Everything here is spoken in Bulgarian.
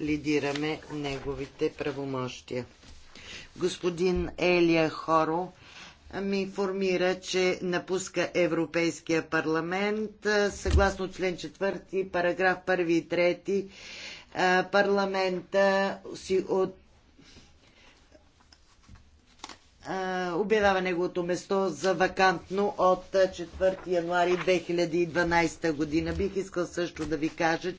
Лидираме неговите правомощия. Господин Елия Хоро ми информира, че напуска Европейския парламент. Съгласно член 4, параграф 1 и 3, парламента си от обявява неговото место за вакантно от 4 януари 2012 година. Бих искал също да ви кажа,